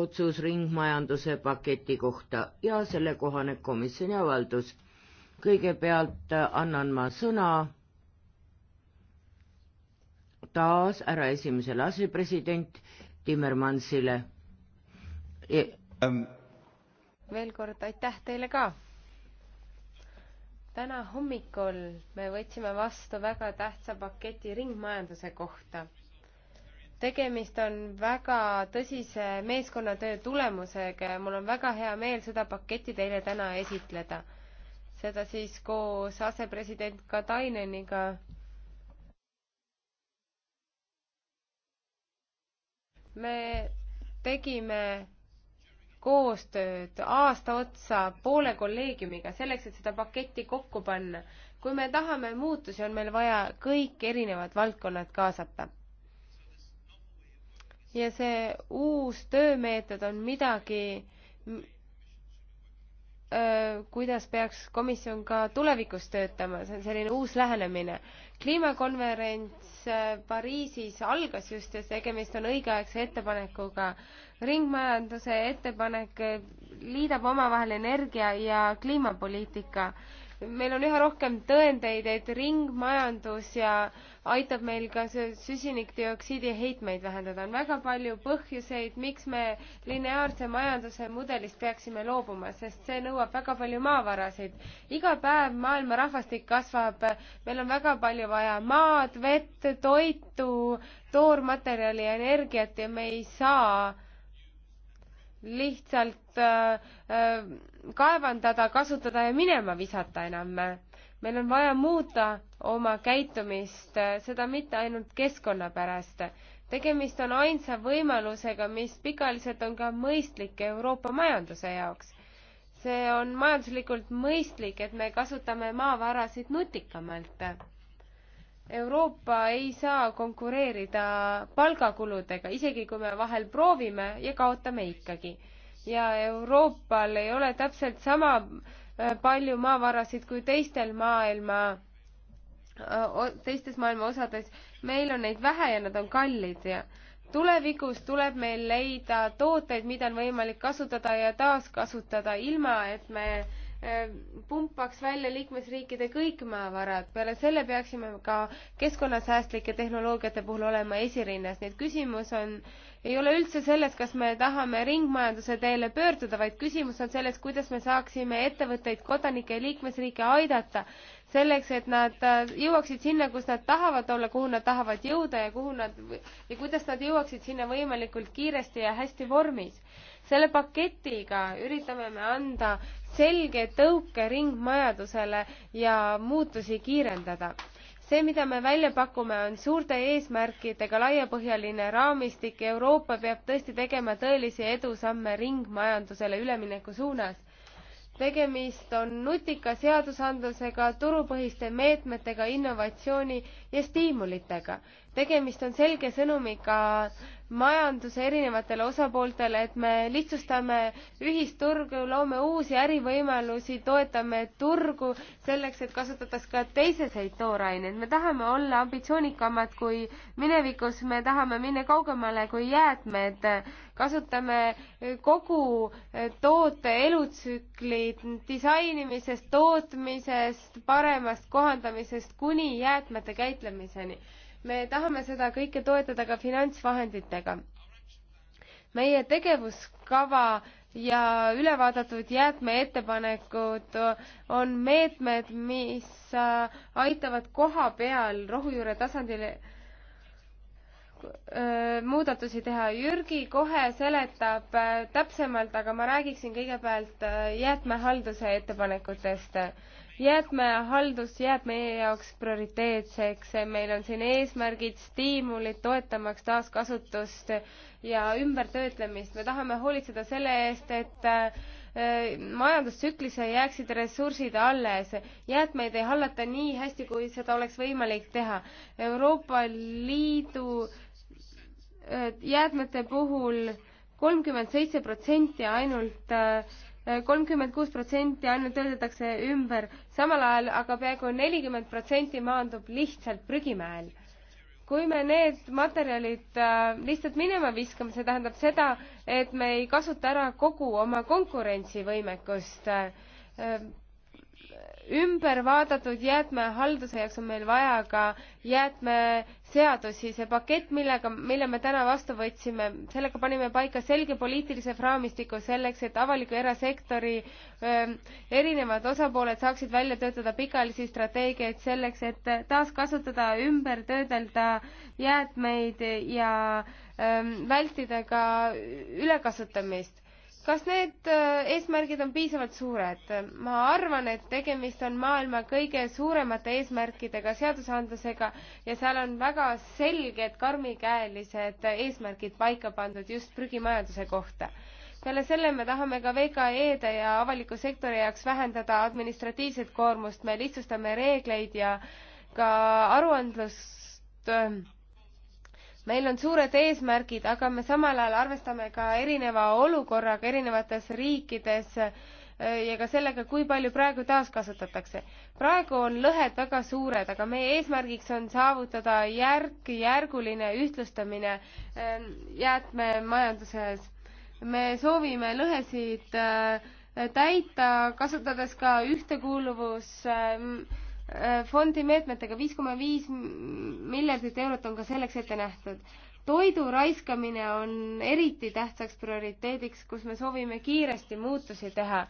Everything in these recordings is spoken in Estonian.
otsus ringmajanduse paketi kohta ja sellekohane komisjoni avaldus. kõigepealt äh, annan ma sõna taas härra esimesele asepresident Timmermansile e. Um. veel kord aitäh teile ka. täna hommikul me võtsime vastu väga tähtsa paketi ringmajanduse kohta tegemist on väga tõsise meeskonnatöö tulemusega ja mul on väga hea meel seda paketti teile täna esitleda. seda siis koos asepresident Kataineniga. me tegime koostööd aasta otsa poole kolleegiumiga selleks, et seda paketti kokku panna. kui me tahame muutusi, on meil vaja kõik erinevad valdkonnad kaasata ja see uus töömeetod on midagi, kuidas peaks komisjon ka tulevikus töötama, see on selline uus lähenemine. kliimakonverents Pariisis algas just ja tegemist on õigeaegse ettepanekuga. ringmajanduse ettepanek liidab omavahel energia ja kliimapoliitika meil on üha rohkem tõendeid, et ringmajandus ja aitab meil ka see süsinikdioksiidi heitmeid vähendada. on väga palju põhjuseid, miks me lineaarse majanduse mudelist peaksime loobuma, sest see nõuab väga palju maavarasid. iga päev maailma rahvastik kasvab, meil on väga palju vaja maad, vett, toitu, toormaterjali ja energiat ja me ei saa lihtsalt äh, äh, kaevandada, kasutada ja minema visata enam. meil on vaja muuta oma käitumist, äh, seda mitte ainult keskkonna pärast. tegemist on ainsa võimalusega, mis pikaajaliselt on ka mõistlik Euroopa majanduse jaoks. see on majanduslikult mõistlik, et me kasutame maavarasid nutikamalt Euroopa ei saa konkureerida palgakuludega, isegi kui me vahel proovime ja kaotame ikkagi. ja Euroopal ei ole täpselt sama äh, palju maavarasid kui teistel maailma, äh, teistes maailma osades. meil on neid vähe ja nad on kallid ja tulevikus tuleb meil leida tooteid, mida on võimalik kasutada ja taaskasutada, ilma et me äh, Äh, pumpaks välja liikmesriikide kõik maavarad. peale selle peaksime ka keskkonnasäästlike tehnoloogiate puhul olema esirinnas. nii et küsimus on, ei ole üldse selles, kas me tahame ringmajanduse teele pöörduda, vaid küsimus on selles, kuidas me saaksime ettevõtteid, kodanikke ja liikmesriike aidata selleks, et nad äh, jõuaksid sinna, kus nad tahavad olla, kuhu nad tahavad jõuda ja kuhu nad ja kuidas nad jõuaksid sinna võimalikult kiiresti ja hästi vormis selle paketiga üritame me anda selge tõuke ringmajandusele ja muutusi kiirendada see, mida me välja pakume, on suurte eesmärkidega laiapõhjaline raamistik. Euroopa peab tõesti tegema tõelisi edusamme ringmajandusele ülemineku suunas tegemist on nutika seadusandlusega, turupõhiste meetmetega, innovatsiooni ja stiimulitega. tegemist on selge sõnumiga majanduse erinevatele osapooltele, et me lihtsustame ühisturgu, loome uusi ärivõimalusi, toetame turgu selleks, et kasutataks ka teiseseid tooraineid. me tahame olla ambitsioonikamad kui minevikus, me tahame minna kaugemale kui jäätmed kasutame kogu eh, toote elutsükli disainimisest, tootmisest, paremast kohandamisest kuni jäätmete käitlemiseni. me tahame seda kõike toetada ka finantsvahenditega. meie tegevuskava ja ülevaadatud jäätmeettepanekud on meetmed, mis äh, aitavad koha peal rohujuure tasandil Äh, muudatusi teha. Jürgi kohe seletab äh, täpsemalt, aga ma räägiksin kõigepealt äh, jäätmehalduse ettepanekutest. jäätmehaldus jääb meie jaoks prioriteetseks, meil on siin eesmärgid, stiimulid toetamaks taaskasutust ja ümbertöötlemist. me tahame hoolitseda selle eest, et majandustsüklisse jääksid ressursid alles. jäätmeid ei hallata nii hästi, kui seda oleks võimalik teha. Euroopa Liidu jäätmete puhul kolmkümmend seitse protsenti ainult äh, kolmkümmend kuus protsenti ainult töödeldakse ümber, samal ajal aga peaaegu nelikümmend protsenti maandub lihtsalt prügimäel. kui me need materjalid äh, lihtsalt minema viskame, see tähendab seda, et me ei kasuta ära kogu oma konkurentsivõimekust äh, ümber vaadatud jäätmehalduse jaoks on meil vaja ka jäätmeseadusi. see pakett, millega, mille me täna vastu võtsime, sellega panime paika selge poliitilise raamistiku selleks, et avaliku erasektori öö, ähm, erinevad osapooled saaksid välja töötada pikaajalisi strateegiaid selleks, et taaskasutada, ümber töödelda jäätmeid ja öö, ähm, vältida ka ülekasutamist kas need äh, eesmärgid on piisavalt suured? ma arvan, et tegemist on maailma kõige suuremate eesmärkidega seadusandlusega ja seal on väga selged karmikäelised eesmärgid paika pandud just prügimajanduse kohta. peale selle me tahame ka VKE-de ja avaliku sektori jaoks vähendada administratiivset koormust, me lihtsustame reegleid ja ka aruandlust ähm, meil on suured eesmärgid, aga me samal ajal arvestame ka erineva olukorraga erinevates riikides äh, ja ka sellega, kui palju praegu taaskasutatakse. praegu on lõhed väga suured, aga meie eesmärgiks on saavutada järk-järguline ühtlustamine äh, jäätmemajanduses. me soovime lõhesid äh, täita, kasutades ka ühtekuuluvus äh, Äh, fondi meetmetega viis koma viis miljardit eurot on ka selleks ette nähtud. toidu raiskamine on eriti tähtsaks prioriteediks, kus me soovime kiiresti muutusi teha.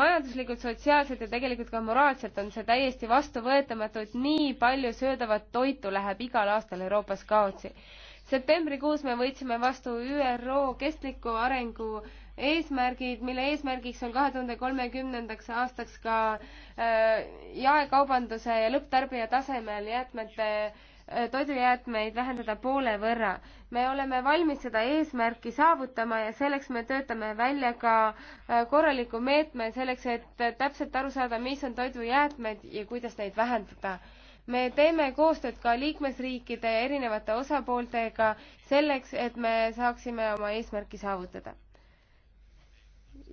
majanduslikult, sotsiaalselt ja tegelikult ka moraalselt on see täiesti vastuvõetamatu, et nii palju söödavat toitu läheb igal aastal Euroopas kaotsi septembrikuus me võtsime vastu ÜRO kestliku arengu eesmärgid, mille eesmärgiks on kahe tuhande kolmekümnendaks aastaks ka äh, jaekaubanduse ja lõpptarbija tasemel jäätmete äh, toidujäätmeid vähendada poole võrra. me oleme valmis seda eesmärki saavutama ja selleks me töötame välja ka äh, korraliku meetme selleks, et täpselt aru saada, mis on toidujäätmed ja kuidas neid vähendada. me teeme koostööd ka liikmesriikide ja erinevate osapooltega selleks, et me saaksime oma eesmärki saavutada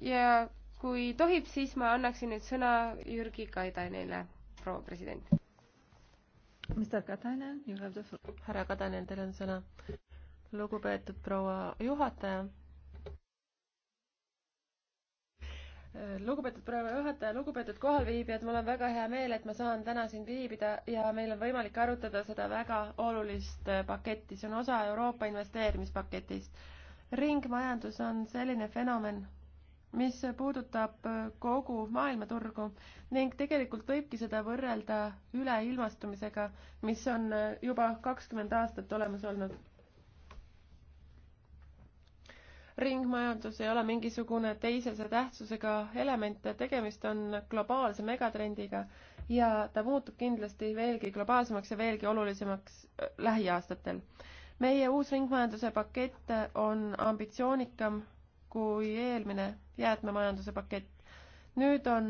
ja kui tohib, siis ma annaksin nüüd sõna Jürgi Kaidanile, proua president. härra Kadanen, teil on sõna. lugupeetud proua juhataja. lugupeetud proua juhataja, lugupeetud kohalviibijad, mul on väga hea meel, et ma saan täna siin viibida ja meil on võimalik arutada seda väga olulist äh, paketti, see on osa Euroopa investeerimispaketist ringmajandus on selline fenomen, mis puudutab äh, kogu maailmaturgu ning tegelikult võibki seda võrrelda üleilmastumisega, mis on äh, juba kakskümmend aastat olemas olnud. ringmajandus ei ole mingisugune teisese tähtsusega element, tegemist on globaalse megatrendiga ja ta muutub kindlasti veelgi globaalsemaks ja veelgi olulisemaks äh, lähiaastatel meie uus ringmajanduse pakett on ambitsioonikam kui eelmine jäätmemajanduse pakett. nüüd on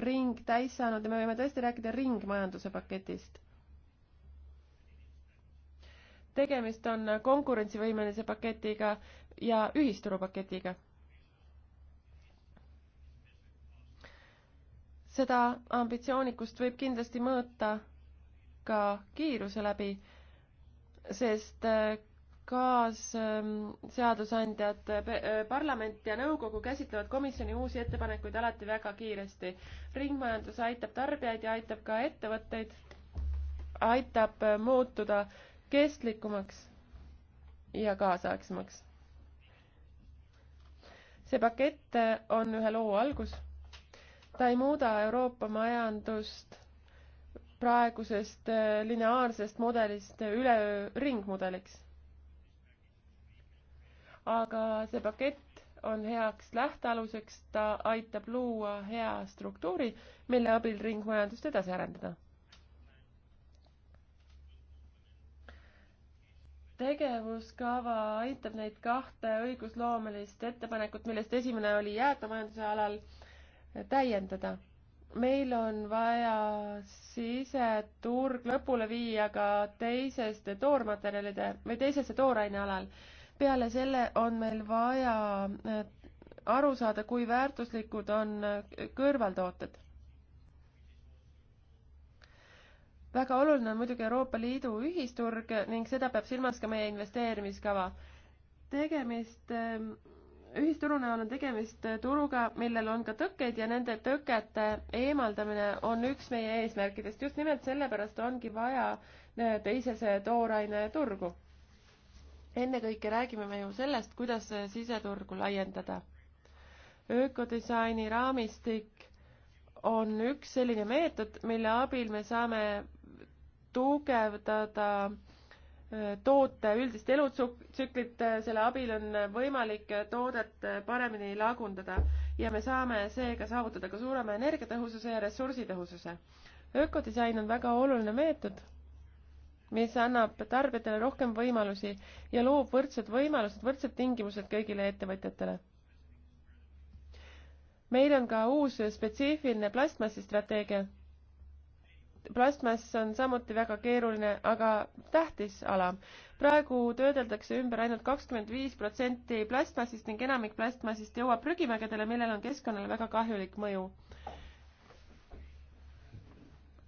ring täis saanud ja me võime tõesti rääkida ringmajanduse paketist. tegemist on konkurentsivõimelise paketiga ja ühisturupaketiga. seda ambitsioonikust võib kindlasti mõõta ka kiiruse läbi, sest kaasseadusandjad, äh, parlament ja nõukogu käsitlevad komisjoni uusi ettepanekuid alati väga kiiresti. ringmajandus aitab tarbijaid ja aitab ka ettevõtteid, aitab äh, muutuda kestlikumaks ja kaasaegsemaks. see pakett äh, on ühe loo algus. ta ei muuda Euroopa majandust praegusest lineaarsest mudelist üleöö ringmudeliks aga see pakett on heaks lähtealuseks, ta aitab luua hea struktuuri, mille abil ringmajandust edasi arendada. tegevuskava aitab neid kahte õigusloomelist ettepanekut, millest esimene oli jäätmemajanduse alal, täiendada meil on vaja siseturg lõpule viia ka teiseste toormaterjalide või teisesse tooraine alal peale selle on meil vaja aru saada, kui väärtuslikud on äh, kõrvaltooted. väga oluline on muidugi Euroopa Liidu ühisturg ning seda peab silmas ka meie investeerimiskava. tegemist, äh, ühisturu näol on tegemist äh, turuga, millel on ka tõkkeid ja nende tõkete eemaldamine on üks meie eesmärkidest. just nimelt sellepärast ongi vaja teisese tooraine turgu ennekõike räägime me ju sellest, kuidas siseturgu laiendada. ökodisaini raamistik on üks selline meetod, mille abil me saame tugevdada äh, toote üldist elutsüklit, äh, selle abil on võimalik toodet paremini lagundada ja me saame seega saavutada ka suurema energiatõhususe ja ressursitõhususe. ökodisain on väga oluline meetod mis annab tarbijatele rohkem võimalusi ja loob võrdsed võimalused, võrdsed tingimused kõigile ettevõtjatele. meil on ka uus spetsiifiline plastmassi strateegia. plastmass on samuti väga keeruline, aga tähtis ala. praegu töödeldakse ümber ainult kakskümmend viis protsenti plastmassist ning enamik plastmassist jõuab prügimägedele, millel on keskkonnale väga kahjulik mõju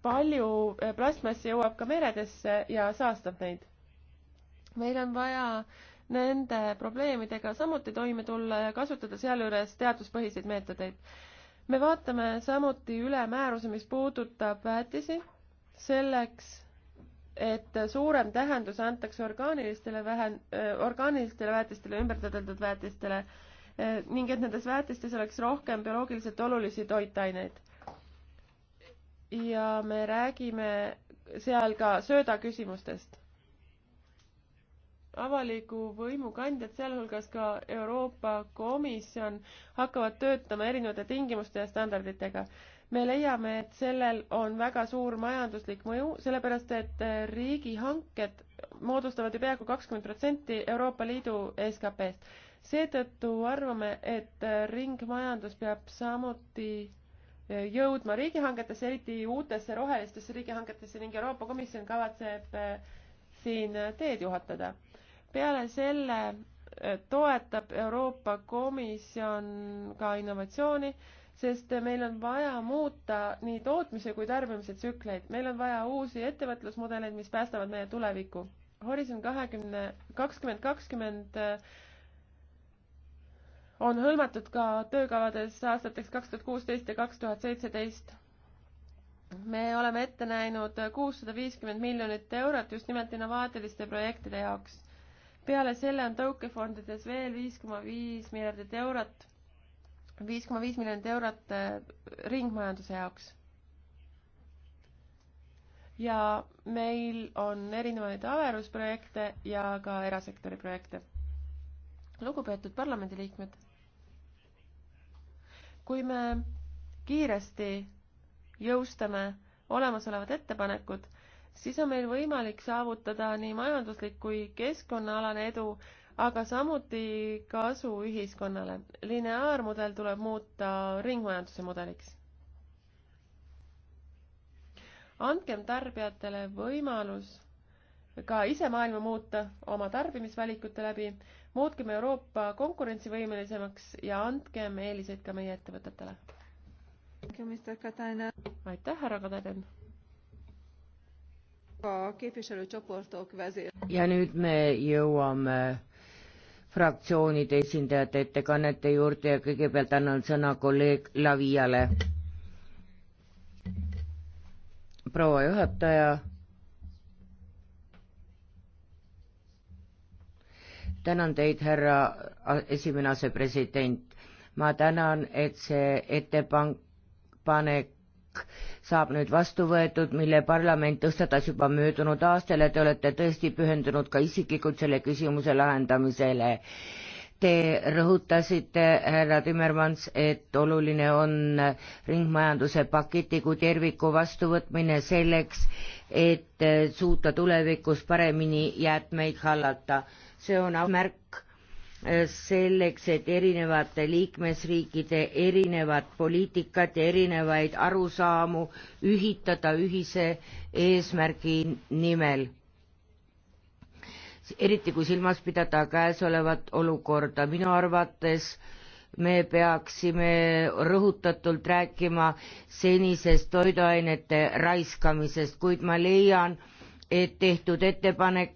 palju eh, plastmassi jõuab ka meredesse ja saastab neid. meil on vaja nende probleemidega samuti toime tulla ja kasutada sealjuures teaduspõhiseid meetodeid. me vaatame samuti üle määruse, mis puudutab väetisi, selleks et suurem tähendus antakse orgaanilistele vähen-, eh, orgaanilistele väetistele, ümbertöödeldud väetistele eh, ning et nendes väetistes oleks rohkem bioloogiliselt olulisi toitaineid ja me räägime seal ka söödaküsimustest. avaliku võimu kandjad, sealhulgas ka Euroopa Komisjon, hakkavad töötama erinevate tingimuste ja standarditega. me leiame, et sellel on väga suur majanduslik mõju, sellepärast et riigihanked moodustavad ju peaaegu kakskümmend protsenti Euroopa Liidu SKP-st. seetõttu arvame, et ringmajandus peab samuti jõudma riigihangetesse, eriti uutesse rohelistesse riigihangetesse ning Euroopa Komisjon kavatseb äh, siin teed juhatada. peale selle äh, toetab Euroopa Komisjon ka innovatsiooni, sest meil on vaja muuta nii tootmise kui tarbimise tsükleid. meil on vaja uusi ettevõtlusmudeleid, mis päästavad meie tuleviku. Horisont kahekümne, kakskümmend kakskümmend 20 äh, on hõlmatud ka töökavades aastateks kaks tuhat kuusteist ja kaks tuhat seitseteist. me oleme ette näinud kuussada viiskümmend miljonit eurot just nimelt innovaatiliste projektide jaoks. peale selle on tõukefondides veel viis koma viis miljardit eurot, viis koma viis miljonit eurot äh, ringmajanduse jaoks. ja meil on erinevaid averusprojekte ja ka erasektori projekte lugupeetud parlamendiliikmed kui me kiiresti jõustame olemasolevad ettepanekud, siis on meil võimalik saavutada nii majanduslik kui keskkonnaalane edu, aga samuti kasu ühiskonnale. lineaarmudel tuleb muuta ringmajanduse mudeliks. andkem tarbijatele võimalus ka ise maailma muuta oma tarbimisvalikute läbi, muutkem Euroopa konkurentsivõimelisemaks ja andkem eeliseid ka meie ettevõtetele. aitäh, härra Katainen! ja nüüd me jõuame fraktsioonide esindajate ettekannete juurde ja kõigepealt annan sõna kolleeg Laviale. proua juhataja tänan teid, härra esimene asepresident. ma tänan, et see ettepanek saab nüüd vastu võetud, mille parlament tõstatas juba möödunud aastal ja te olete tõesti pühendunud ka isiklikult selle küsimuse lahendamisele. Te rõhutasite, härra Timmermans, et oluline on ringmajanduse paketi kui terviku vastuvõtmine selleks, et suuta tulevikus paremini jäätmeid hallata see on märk äh, selleks, et erinevate liikmesriikide erinevat poliitikat ja erinevaid arusaamu ühitada ühise eesmärgi nimel. eriti kui silmas pidada käesolevat olukorda, minu arvates me peaksime rõhutatult rääkima senisest toiduainete raiskamisest, kuid ma leian, et tehtud ettepanek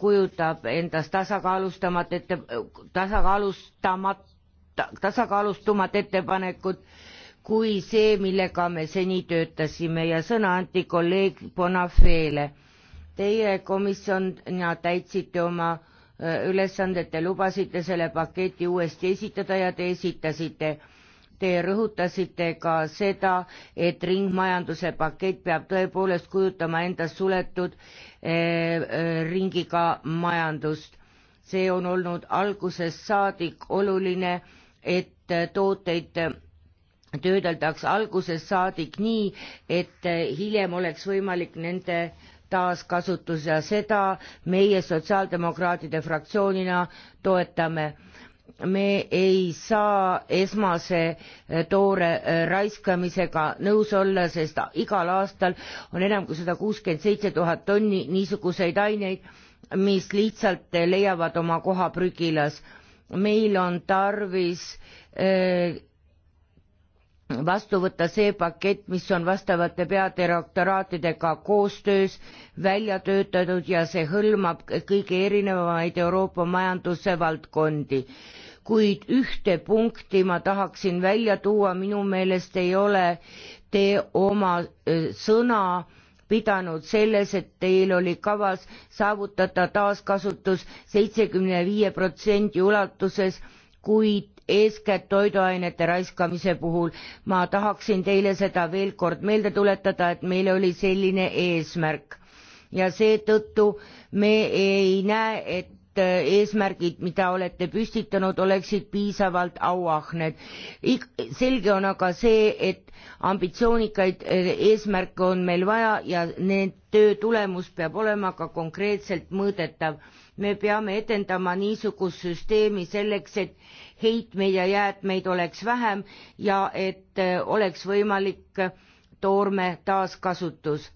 kujutab endast tasakaalustamat ette, tasakaalustamat, tasakaalustumat ettepanekut kui see, millega me seni töötasime ja sõna anti kolleeg Bonafeele. Teie komisjonina täitsite oma äh, ülesanded, te lubasite selle paketi uuesti esitada ja te esitasite Te rõhutasite ka seda, et ringmajanduse pakett peab tõepoolest kujutama endast suletud eh, eh, ringiga majandust. see on olnud algusest saadik oluline, et tooteid töödeldaks algusest saadik nii, et hiljem oleks võimalik nende taaskasutus ja seda meie sotsiaaldemokraatide fraktsioonina toetame me ei saa esmase eh, toore eh, raiskamisega nõus olla, sest igal aastal on enam kui sada kuuskümmend seitse tuhat tonni niisuguseid aineid, mis lihtsalt eh, leiavad oma koha prügilas. meil on tarvis vastu võtta see pakett, mis on vastavate peadirektoraatidega koostöös välja töötatud ja see hõlmab kõige erinevamaid Euroopa majanduse valdkondi kuid ühte punkti ma tahaksin välja tuua, minu meelest ei ole te oma sõna pidanud selles, et teil oli kavas saavutada taaskasutus seitsekümne viie protsendi ulatuses, kuid eeskätt toiduainete raiskamise puhul. ma tahaksin teile seda veel kord meelde tuletada, et meil oli selline eesmärk ja seetõttu me ei näe, et et äh, eesmärgid, mida olete püstitanud, oleksid piisavalt auahned. selge on aga see, et ambitsioonikaid äh, eesmärke on meil vaja ja need töö tulemus peab olema ka konkreetselt mõõdetav. me peame edendama niisugust süsteemi selleks, et heitmeid ja jäätmeid oleks vähem ja et äh, oleks võimalik toorme taaskasutus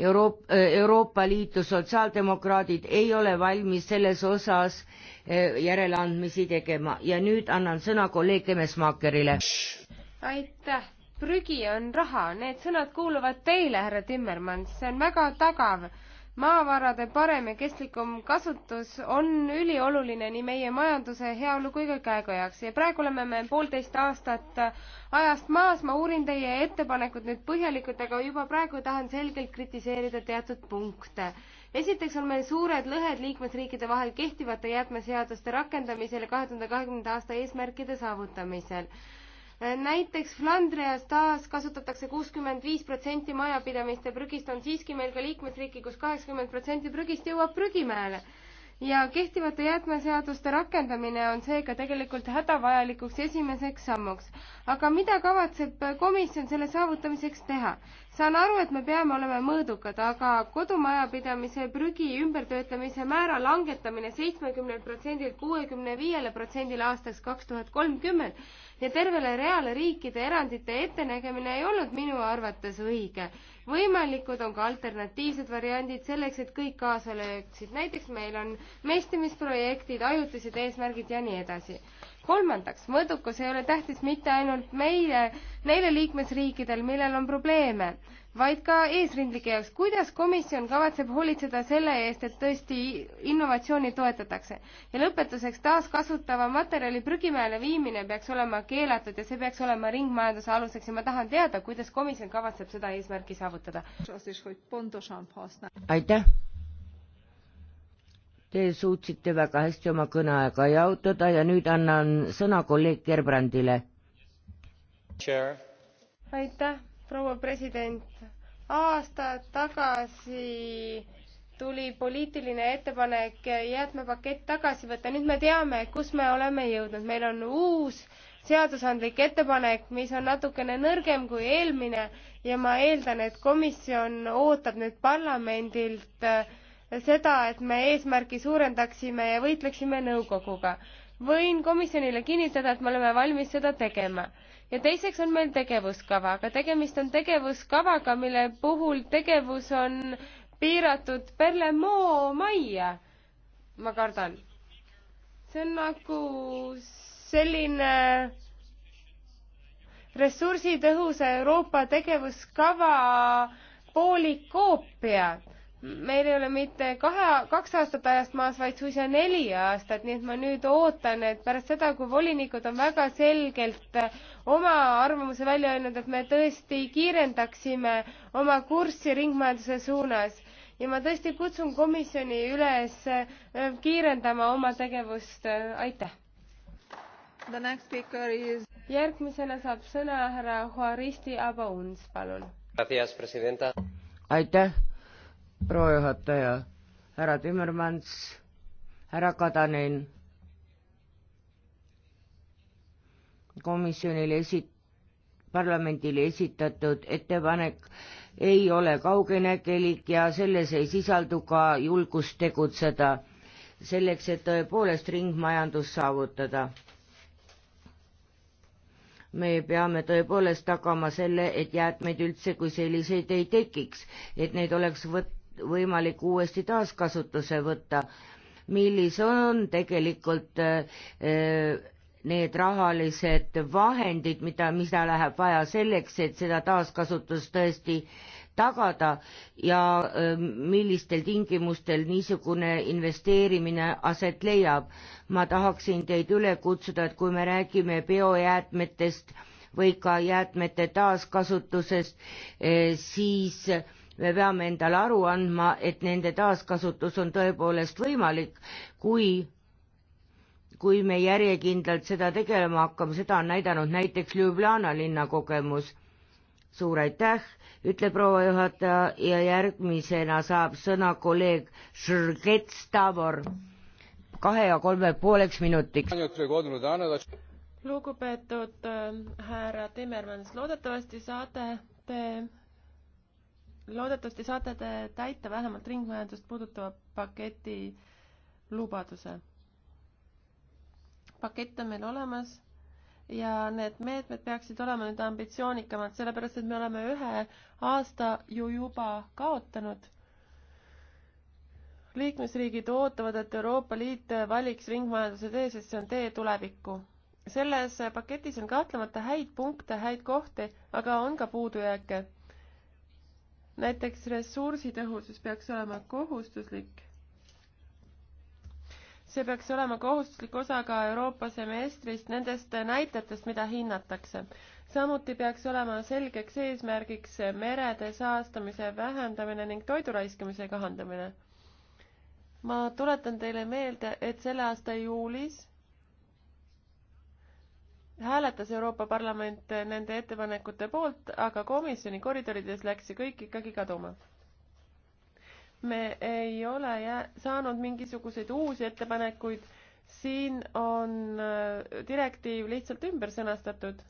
Euroop-, äh, Euroopa Liitu sotsiaaldemokraadid ei ole valmis selles osas äh, järeleandmisi tegema ja nüüd annan sõna kolleeg Demesmaakerile. aitäh, prügi on raha, need sõnad kuuluvad teile, härra Timmermans, see on väga tagav maavarade parem ja kestlikum kasutus on ülioluline nii meie majanduse heaolu kui ka käekojaks ja praegu oleme me poolteist aastat ajast maas, ma uurin teie ettepanekud nüüd põhjalikult, aga juba praegu tahan selgelt kritiseerida teatud punkte. esiteks on meil suured lõhed liikmesriikide vahel kehtivate jäätmeseaduste rakendamisel ja kahe tuhande kahekümnenda aasta eesmärkide saavutamisel näiteks Flandrias taas kasutatakse kuuskümmend viis protsenti majapidamiste prügist, on siiski meil ka liikmesriiki kus, kus kaheksakümmend protsenti prügist jõuab prügimäele ja kehtivate jäätmeseaduste rakendamine on seega tegelikult hädavajalikuks esimeseks sammuks. aga mida kavatseb komisjon selle saavutamiseks teha? saan aru, et me peame olema mõõdukad, aga kodumajapidamise prügi ümbertöötlemise määra langetamine seitsmekümnelt protsendilt kuuekümne viiele protsendile aastaks kaks tuhat kolmkümmend ja tervele reale riikide erandite ettenägemine ei olnud minu arvates õige võimalikud on ka alternatiivsed variandid selleks, et kõik kaasa lööksid. näiteks meil on mestimisprojektid, ajutised eesmärgid ja nii edasi kolmandaks, mõõdukus ei ole tähtis mitte ainult meile, neile liikmesriikidel, millel on probleeme, vaid ka eesrindlike jaoks. kuidas komisjon kavatseb hoolitseda selle eest, et tõesti innovatsiooni toetatakse? ja lõpetuseks, taaskasutava materjali prügimäele viimine peaks olema keelatud ja see peaks olema ringmajanduse aluseks ja ma tahan teada, kuidas komisjon kavatseb seda eesmärki saavutada. aitäh Te suutsite väga hästi oma kõneaega jaotada ja nüüd annan sõna kolleeg Gerbrandile. aitäh, proua president. aasta tagasi tuli poliitiline ettepanek jäätmepakett tagasi võtta, nüüd me teame, kus me oleme jõudnud, meil on uus seadusandlik ettepanek, mis on natukene nõrgem kui eelmine ja ma eeldan, et komisjon ootab nüüd parlamendilt äh, seda, et me eesmärki suurendaksime ja võitleksime nõukoguga. võin komisjonile kinnitada, et me oleme valmis seda tegema. ja teiseks on meil tegevuskava, aga tegemist on tegevuskavaga, mille puhul tegevus on piiratud perle moo majja, ma kardan. see on nagu selline ressursitõhusa Euroopa tegevuskava poolik koopia meil ei ole mitte kahe, kaks aastat ajast maas, vaid suisa neli aastat, nii et ma nüüd ootan, et pärast seda, kui volinikud on väga selgelt oma arvamuse välja öelnud, et me tõesti kiirendaksime oma kurssi ringmajanduse suunas ja ma tõesti kutsun komisjoni üles äh, kiirendama oma tegevust, aitäh! Is... järgmisena saab sõna härra Juaristi Abauns, palun. aitäh! proua juhataja, härra Timmermans, härra Kadanen, komisjonile esi-, parlamendile esitatud ettepanek ei ole kaugenägelik ja selles ei sisaldu ka julgust tegutseda, selleks et tõepoolest ringmajandus saavutada me peame tõepoolest tagama selle, et jäätmeid üldse kui selliseid ei tekiks, et neid oleks võt-, võimalik uuesti taaskasutuse võtta, millised on tegelikult eh, need rahalised vahendid, mida, mida läheb vaja selleks, et seda taaskasutust tõesti tagada ja eh, millistel tingimustel niisugune investeerimine aset leiab. ma tahaksin teid üle kutsuda, et kui me räägime biojäätmetest või ka jäätmete taaskasutusest, eh, siis me peame endale aru andma, et nende taaskasutus on tõepoolest võimalik, kui kui me järjekindlalt seda tegelema hakkame, seda on näidanud näiteks Ljubljana linna kogemus. suur aitäh, ütleb proua juhataja ja järgmisena saab sõna kolleeg Sergets Tavor kahe ja kolme pooleks minutiks lugupeetud äh, härra Timmermans, loodetavasti saate te loodetavasti saate te täita vähemalt ringmajandust puudutava paketi lubaduse. pakett on meil olemas ja need meetmed peaksid olema nüüd ambitsioonikamad, sellepärast et me oleme ühe aasta ju juba kaotanud liikmesriigid ootavad, et Euroopa Liit valiks ringmajanduse tee, sest see on tee tulevikku. selles paketis on kahtlemata häid punkte, häid kohti, aga on ka puudujääke näiteks ressursitõhusus peaks olema kohustuslik. see peaks olema kohustuslik osa ka Euroopa semestrist, nendest näitajatest, mida hinnatakse. samuti peaks olema selgeks eesmärgiks merede saastamise vähendamine ning toidu raiskamise kahandamine. ma tuletan teile meelde, et selle aasta juulis hääletas Euroopa Parlament nende ettepanekute poolt, aga komisjoni koridorides läks see kõik ikkagi kaduma. me ei ole jää-, saanud mingisuguseid uusi ettepanekuid, siin on äh, direktiiv lihtsalt ümber sõnastatud.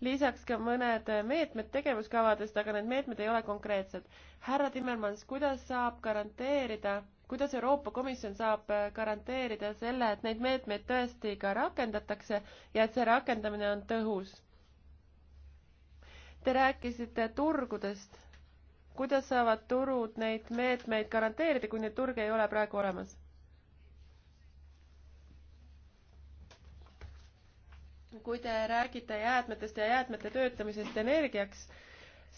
lisaks ka mõned meetmed tegevuskavadest, aga need meetmed ei ole konkreetsed. härra Timmermans, kuidas saab garanteerida kuidas Euroopa Komisjon saab äh, garanteerida selle, et neid meetmeid tõesti ka rakendatakse ja et see rakendamine on tõhus? Te rääkisite turgudest. kuidas saavad turud neid meetmeid garanteerida, kui neid turge ei ole praegu olemas? kui te räägite jäätmetest ja jäätmete töötamisest energiaks,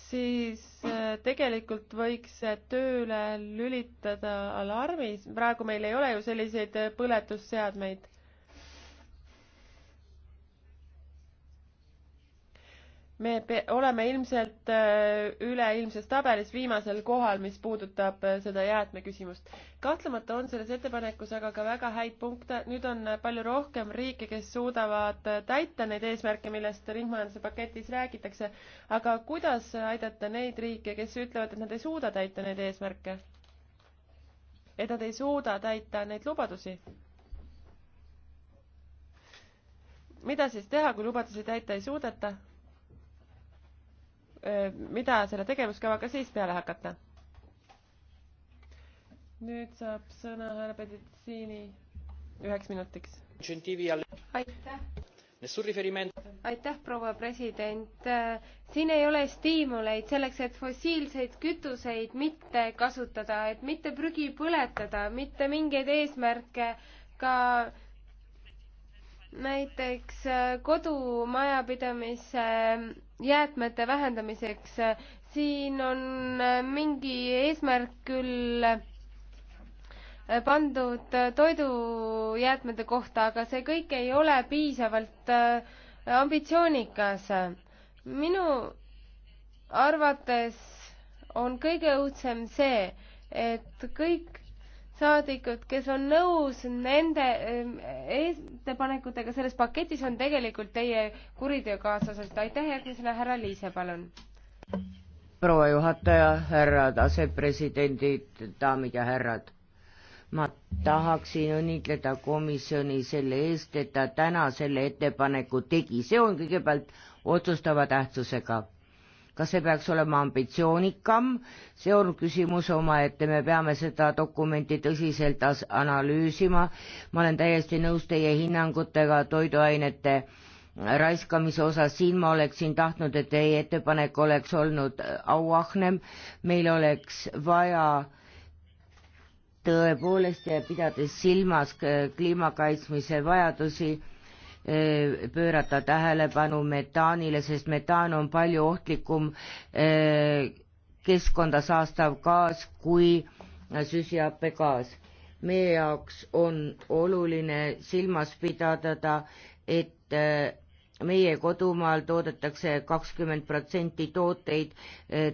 siis äh, tegelikult võiks tööle lülitada alarmi, praegu meil ei ole ju selliseid äh, põletusseadmeid. me oleme ilmselt äh, üleilmses tabelis viimasel kohal, mis puudutab äh, seda jäätmeküsimust. kahtlemata on selles ettepanekus aga ka väga häid punkte, nüüd on äh, palju rohkem riike, kes suudavad täita neid eesmärke, millest ringmajanduse paketis räägitakse. aga kuidas aidata neid riike, kes ütlevad, et nad ei suuda täita neid eesmärke? et nad ei suuda täita neid lubadusi? mida siis teha, kui lubadusi täita ei suudeta? mida selle tegevuskavaga siis peale hakata? nüüd saab sõna härra Peditsiini üheks minutiks. aitäh aitäh, proua president. siin ei ole stiimuleid selleks, et fossiilseid kütuseid mitte kasutada, et mitte prügi põletada, mitte mingeid eesmärke ka näiteks kodumajapidamise jäätmete vähendamiseks. siin on mingi eesmärk küll pandud toidujäätmete kohta, aga see kõik ei ole piisavalt äh, ambitsioonikas. minu arvates on kõige õudsem see, et kõik saadikud, kes on nõus nende ähm, ettepanekutega selles paketis, on tegelikult teie kuriteokaaslased. aitäh, järgmisena härra Liise, palun. proua juhataja, härrad asepresidendid, daamid ja härrad. ma tahaksin õnnitleda komisjoni selle eest, et ta täna selle ettepaneku tegi, see on kõigepealt otsustava tähtsusega kas see peaks olema ambitsioonikam, see on küsimus omaette, me peame seda dokumenti tõsiselt analüüsima, ma olen täiesti nõus teie hinnangutega toiduainete raiskamise osas, siin ma oleksin tahtnud, et teie ettepanek oleks olnud auahnem, meil oleks vaja tõepoolest ja pidades silmas kliima kaitsmise vajadusi, Eh, pöörata tähelepanu metaanile, sest metaan on palju ohtlikum eh, keskkonda saastav gaas kui süsihappegaas. meie jaoks on oluline silmas pidada, et eh, meie kodumaal toodetakse kakskümmend protsenti tooteid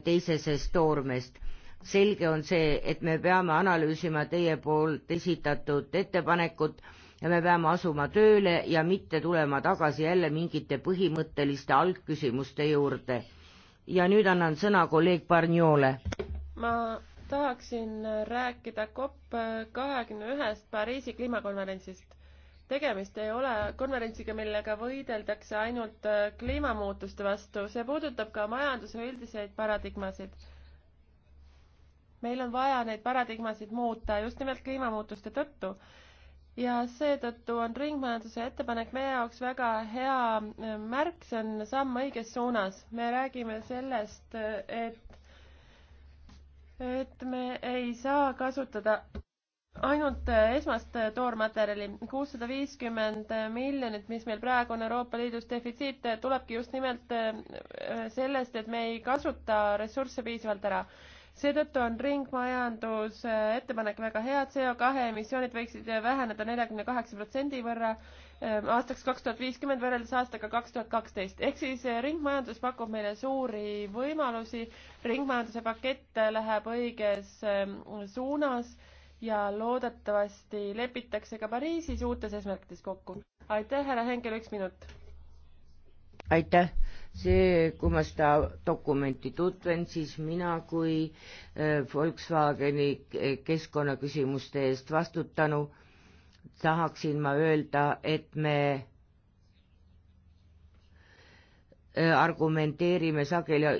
teisesest toormest. selge on see, et me peame analüüsima teie poolt esitatud ettepanekut ja me peame asuma tööle ja mitte tulema tagasi jälle mingite põhimõtteliste algküsimuste juurde. ja nüüd annan sõna kolleeg Barniole. ma tahaksin rääkida COP kahekümne ühest Pariisi kliimakonverentsist tegemist ei ole konverentsiga, millega võideldakse ainult kliimamuutuste vastu, see puudutab ka majanduse üldiseid paradigmasid. meil on vaja neid paradigmasid muuta just nimelt kliimamuutuste tõttu ja seetõttu on ringmajanduse ettepanek meie jaoks väga hea äh, märk, see on samm õiges suunas. me räägime sellest, äh, et, et me ei saa kasutada ainult äh, esmast toormaterjali, kuussada viiskümmend miljonit, mis meil praegu on Euroopa Liidus defitsiit, tulebki just nimelt sellest, et me ei kasuta ressursse piisavalt ära seetõttu on ringmajanduse äh, ettepanek väga hea, CO2 emissioonid võiksid äh, väheneda neljakümne kaheksa protsendi võrra ähm, aastaks kaks tuhat viiskümmend võrreldes aastaga kaks tuhat kaksteist. ehk siis äh, ringmajandus pakub meile suuri võimalusi, ringmajanduse pakett läheb õiges ähm, suunas ja loodetavasti lepitakse ka Pariisis uutes eesmärkides kokku. aitäh, härra Henkel, üks minut. aitäh see, kui ma seda dokumenti tutven, siis mina kui äh, Volkswageni keskkonnaküsimuste eest vastutanu tahaksin ma öelda, et me äh, argumenteerime sageli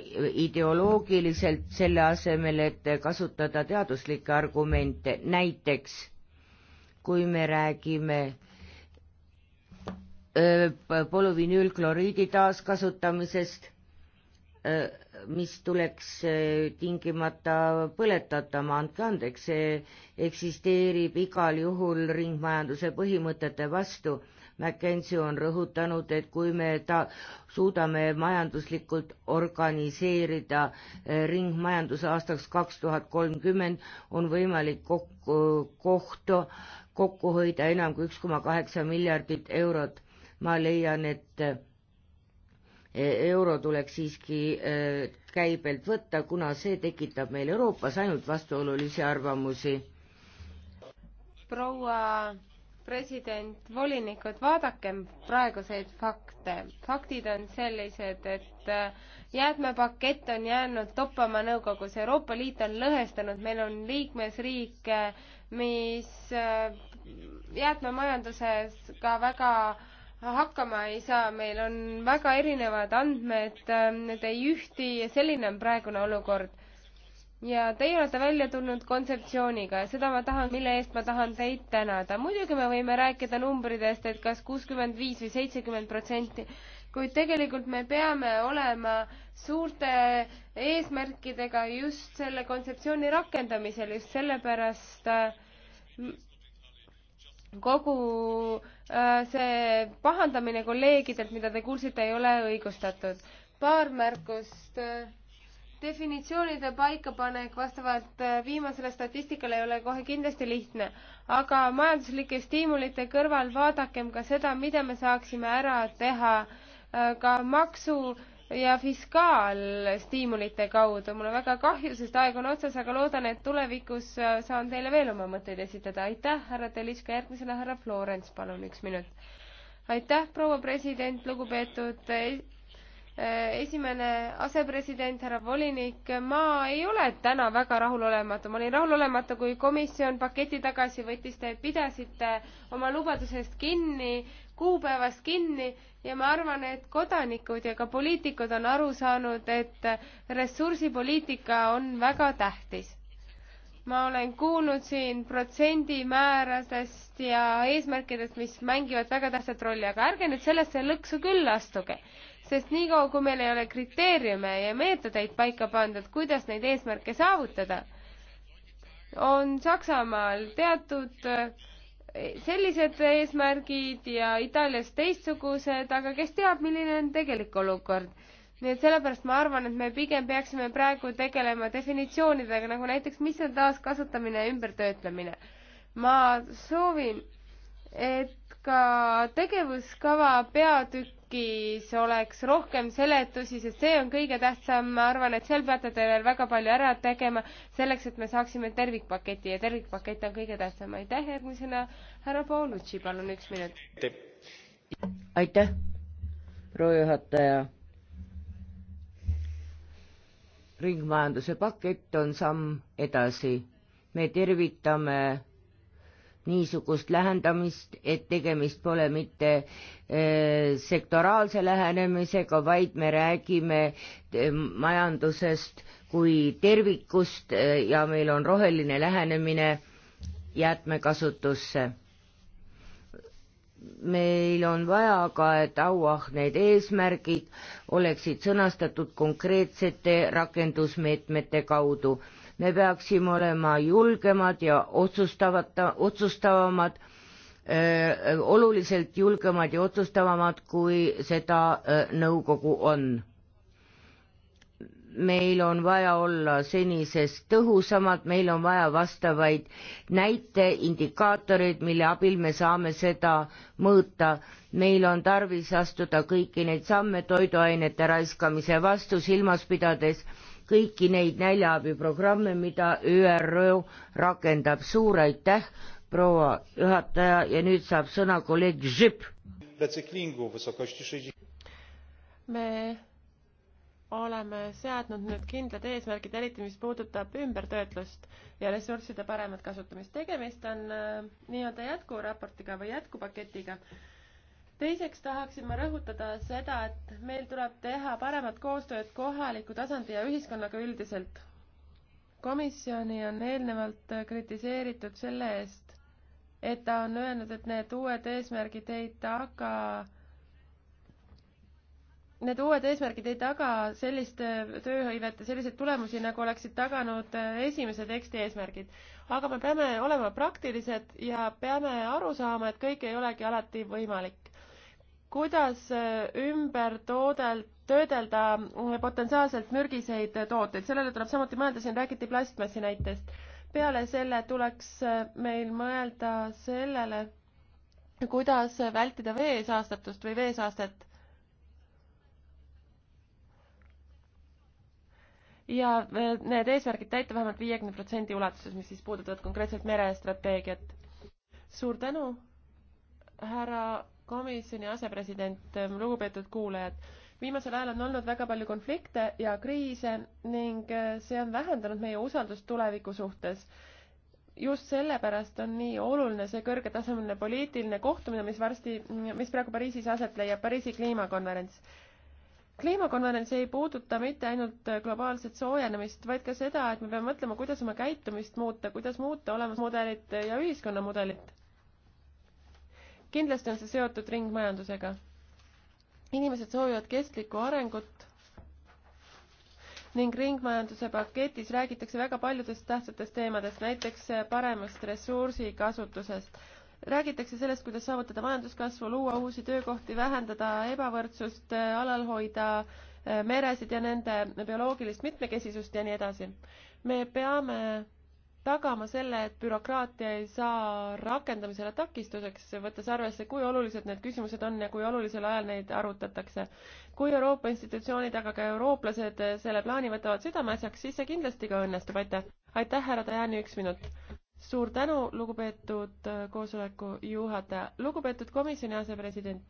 ideoloogiliselt, selle asemel, et kasutada teaduslikke argumente, näiteks kui me räägime polüvinüülkloriidi taaskasutamisest, mis tuleks tingimata põletada, ma andke andeks, see eksisteerib igal juhul ringmajanduse põhimõtete vastu. McKenzie on rõhutanud, et kui me ta-, suudame majanduslikult organiseerida ringmajandus aastaks kaks tuhat kolmkümmend, on võimalik kokku, kohtu, kokku hoida enam kui üks koma kaheksa miljardit eurot ma leian, et e, euro tuleks siiski e, käibelt võtta, kuna see tekitab meil Euroopas ainult vastuolulisi arvamusi. proua president, volinikud, vaadakem praeguseid fakte. faktid on sellised, et e, jäätmepakett on jäänud toppama nõukogus, Euroopa Liit on lõhestanud, meil on liikmesriike, mis jäätmemajanduses ka väga äh, hakkama ei saa, meil on väga erinevad andmed, äh, need ei ühti ja selline on praegune olukord. ja teie olete välja tulnud kontseptsiooniga ja seda ma tahan, mille eest ma tahan teid tänada. muidugi me võime rääkida numbritest, et kas kuuskümmend viis või seitsekümmend protsenti, kuid tegelikult me peame olema suurte eesmärkidega just selle kontseptsiooni rakendamisel, just sellepärast äh, kogu Äh, see pahandamine kolleegidelt, mida te kuulsite, ei ole õigustatud. paar märkust. definitsioonide paikapanek vastavalt äh, viimasele statistikale ei ole kohe kindlasti lihtne, aga majanduslike stiimulite kõrval vaadakem ka seda, mida me saaksime ära teha äh, ka maksu ja fiskaalstiimulite kaudu. mul on väga kahju, sest aeg on otsas, aga loodan, et tulevikus äh, saan teile veel oma mõtteid esitada. aitäh, härra Teliška, järgmisena härra Florence, palun üks minut. aitäh, proua president, lugupeetud äh, esimene asepresident, härra volinik, ma ei ole täna väga rahulolematu, ma olin rahulolematu, kui komisjon paketi tagasi võttis, te pidasite oma lubadusest kinni, kuupäevast kinni ja ma arvan, et kodanikud ja ka poliitikud on aru saanud, et ressursipoliitika on väga tähtis. ma olen kuulnud siin protsendimääradest ja eesmärkidest, mis mängivad väga tähtsat rolli, aga ärge nüüd sellesse lõksu küll astuge, sest niikaua, kui meil ei ole kriteeriume ja meetodeid paika pandud, kuidas neid eesmärke saavutada, on Saksamaal teatud sellised eesmärgid ja Itaalias teistsugused, aga kes teab, milline on tegelik olukord. nii et sellepärast ma arvan, et me pigem peaksime praegu tegelema definitsioonidega, nagu näiteks, mis on taaskasutamine ja ümbertöötlemine. ma soovin, et ka tegevuskava peatükk pakis oleks rohkem seletusi, sest see on kõige tähtsam, ma arvan, et seal peate te veel väga palju ära tegema selleks, et me saaksime tervikpaketi ja tervikpakett on kõige tähtsam. aitäh, järgmisena härra Paulucci, palun üks minut. aitäh, proua juhataja. ringmajanduse pakett on samm edasi. me tervitame niisugust lähendamist, et tegemist pole mitte äh, sektoraalse lähenemisega, vaid me räägime äh, majandusest kui tervikust äh, ja meil on roheline lähenemine jäätmekasutusse. meil on vaja ka, et auahned eesmärgid oleksid sõnastatud konkreetsete rakendusmeetmete kaudu me peaksime olema julgemad ja otsustavad, otsustavamad, äh, oluliselt julgemad ja otsustavamad, kui seda äh, nõukogu on. meil on vaja olla senisest tõhusamad, meil on vaja vastavaid näiteindikaatoreid, mille abil me saame seda mõõta. meil on tarvis astuda kõiki neid samme toiduainete raiskamise vastu, silmas pidades äh, kõiki neid näljaabiprogramme, mida ÜRO rakendab. suur aitäh, proua juhataja ja nüüd saab sõna kolleeg Žip. me oleme seadnud nüüd kindlad eesmärgid, eriti mis puudutab ümbertöötlust ja ressursside paremat kasutamist. tegemist on äh, nii-öelda jätkuraportiga või jätkupaketiga teiseks tahaksin ma rõhutada seda, et meil tuleb teha paremat koostööd kohaliku tasandi ja ühiskonnaga üldiselt. komisjoni on eelnevalt kritiseeritud selle eest, et ta on öelnud, et need uued eesmärgid ei taga need uued eesmärgid ei taga sellist tööhõivet ja selliseid tulemusi, nagu oleksid taganud esimese teksti eesmärgid. aga me peame olema praktilised ja peame aru saama, et kõik ei olegi alati võimalik kuidas äh, ümber toodel-, töödelda äh, potentsiaalselt mürgiseid äh, tooteid, sellele tuleb samuti mõelda, siin räägiti plastmassi näitest. peale selle tuleks meil mõelda sellele, kuidas vältida veesaastatust või veesaastet. ja need eesmärgid täita vähemalt viiekümne protsendi ulatuses, mis siis puudutavad konkreetselt merestrateegiat. suur tänu, härra komisjoni asepresident, ähm, lugupeetud kuulajad. viimasel ajal on olnud väga palju konflikte ja kriise ning äh, see on vähendanud meie usaldust tuleviku suhtes. just sellepärast on nii oluline see kõrgetasemeline poliitiline kohtumine, mis varsti, mis praegu Pariisis aset leiab, Pariisi kliimakonverents kliimakonverents ei puuduta mitte ainult globaalset soojenemist, vaid ka seda, et me peame mõtlema, kuidas oma käitumist muuta, kuidas muuta olemusmudelit ja ühiskonnamudelit kindlasti on see seotud ringmajandusega. inimesed soovivad kestlikku arengut ning ringmajanduse paketis räägitakse väga paljudest tähtsatest teemadest, näiteks paremast ressursikasutusest. räägitakse sellest, kuidas saavutada majanduskasvu, luua uusi töökohti, vähendada ebavõrdsust, alal hoida eh, meresid ja nende bioloogilist mitmekesisust ja nii edasi. me peame tagama selle, et bürokraatia ei saa rakendamisele takistuseks, võttes arvesse, kui olulised need küsimused on ja kui olulisel ajal neid arutatakse. kui Euroopa institutsioonid, aga ka eurooplased selle plaani võtavad südameasjaks, siis see kindlasti ka õnnestub, aitäh. aitäh, härra Tajani, üks minut. suur tänu, lugupeetud äh, koosoleku juhataja, lugupeetud komisjoni asepresident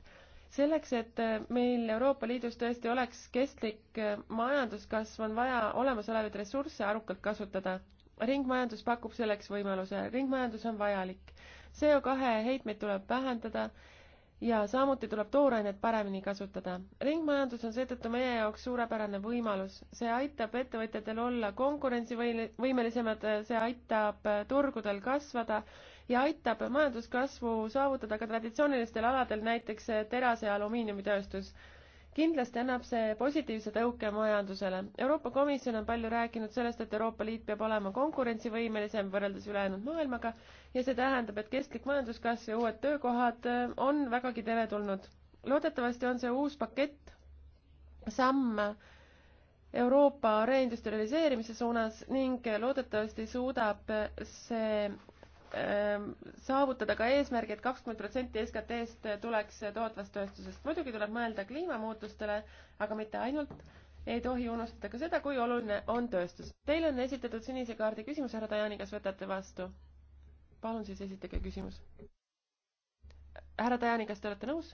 selleks, et äh, meil Euroopa Liidus tõesti oleks kestlik äh, majanduskasv, on vaja olemasolevaid ressursse arukalt kasutada ringmajandus pakub selleks võimaluse, ringmajandus on vajalik. CO2 heitmeid tuleb vähendada ja samuti tuleb toorainet paremini kasutada. ringmajandus on seetõttu meie jaoks suurepärane võimalus. see aitab ettevõtjatel olla konkurentsivõimelisemad, see aitab turgudel kasvada ja aitab majanduskasvu saavutada ka traditsioonilistel aladel, näiteks terase- ja alumiiniumitööstus kindlasti annab see positiivse tõuke majandusele. Euroopa Komisjon on palju rääkinud sellest, et Euroopa Liit peab olema konkurentsivõimelisem võrreldes ülejäänud maailmaga ja see tähendab, et kestlik majanduskasv ja uued töökohad äh, on vägagi teretulnud. loodetavasti on see uus pakett samm Euroopa reindustrialiseerimise suunas ning loodetavasti suudab see Ähm, saavutada ka eesmärgi et, et kakskümmend protsenti SKT-st tuleks tootvast tööstusest. muidugi tuleb mõelda kliimamuutustele, aga mitte ainult. ei tohi unustada ka seda, kui oluline on tööstus. Teile on esitatud sinise kaardi küsimus, härra Tajani, kas võtate vastu? palun siis esitage küsimus. härra Tajani, kas te olete nõus?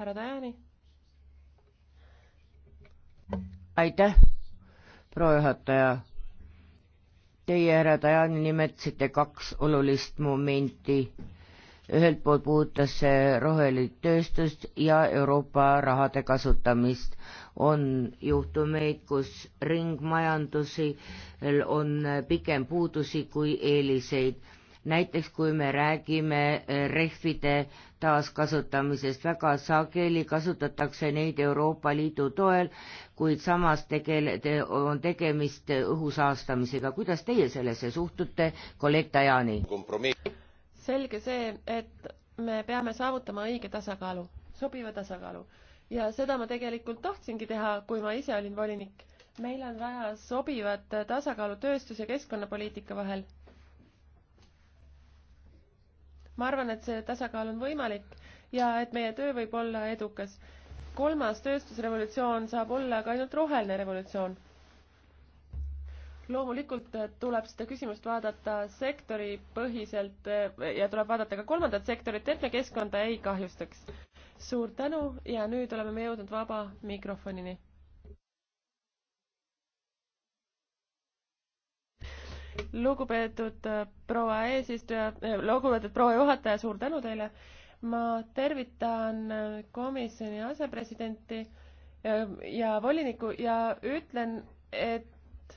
härra Tajani? aitäh, proua juhataja Teie, härra Dajan, nimetasite kaks olulist momenti. ühelt poolt puudutas see rohelist tööstust ja Euroopa rahade kasutamist. on juhtumeid, kus ringmajandusel on pigem puudusi kui eeliseid. näiteks kui me räägime rehvide taaskasutamisest. väga sageli kasutatakse neid Euroopa Liidu toel, kuid samas tegele- te,, on tegemist õhu saastamisega. kuidas teie sellesse suhtute, kolleeg Dajani? selge see, et me peame saavutama õige tasakaalu, sobiva tasakaalu. ja seda ma tegelikult tahtsingi teha, kui ma ise olin volinik. meil on vaja sobivat tasakaalu tööstus- ja keskkonnapoliitika vahel ma arvan, et see tasakaal on võimalik ja et meie töö võib olla edukas. kolmas tööstusrevolutsioon saab olla aga ainult roheline revolutsioon. loomulikult tuleb seda küsimust vaadata sektoripõhiselt eh, ja tuleb vaadata ka kolmandat sektorit, et me keskkonda ei kahjustaks. suur tänu ja nüüd oleme me jõudnud vaba mikrofonini lugupeetud äh, proua eesistuja, äh, lugupeetud proua juhataja, suur tänu teile. ma tervitan äh, komisjoni asepresidenti ja volinikku ja ütlen, et